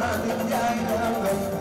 ma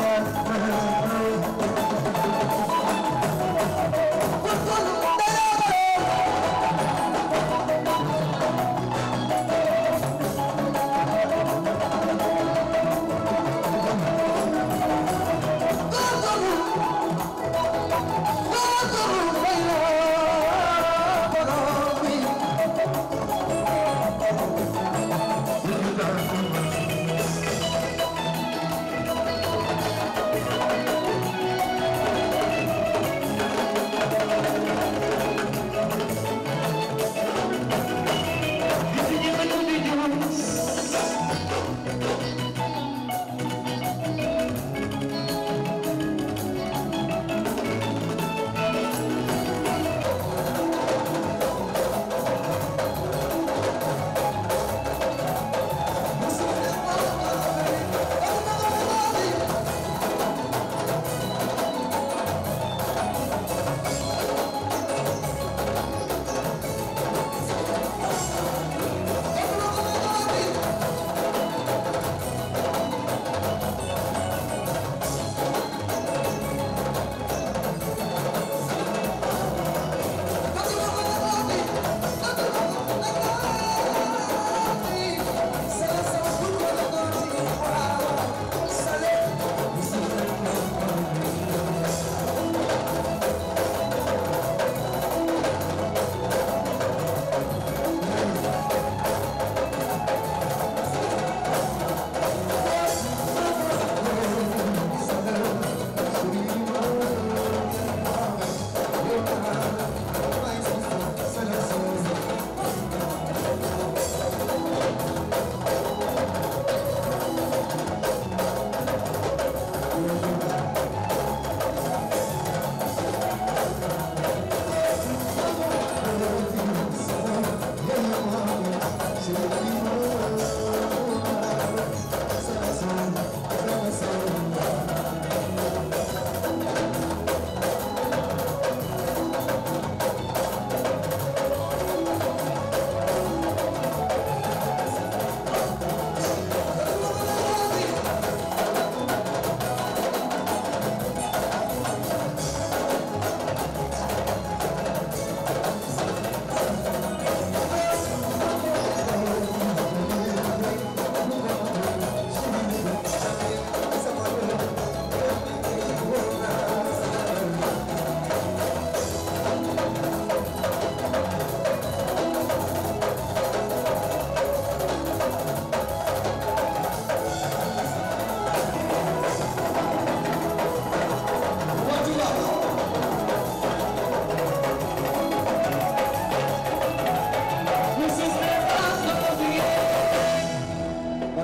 يا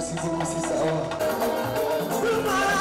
music, music, sawa.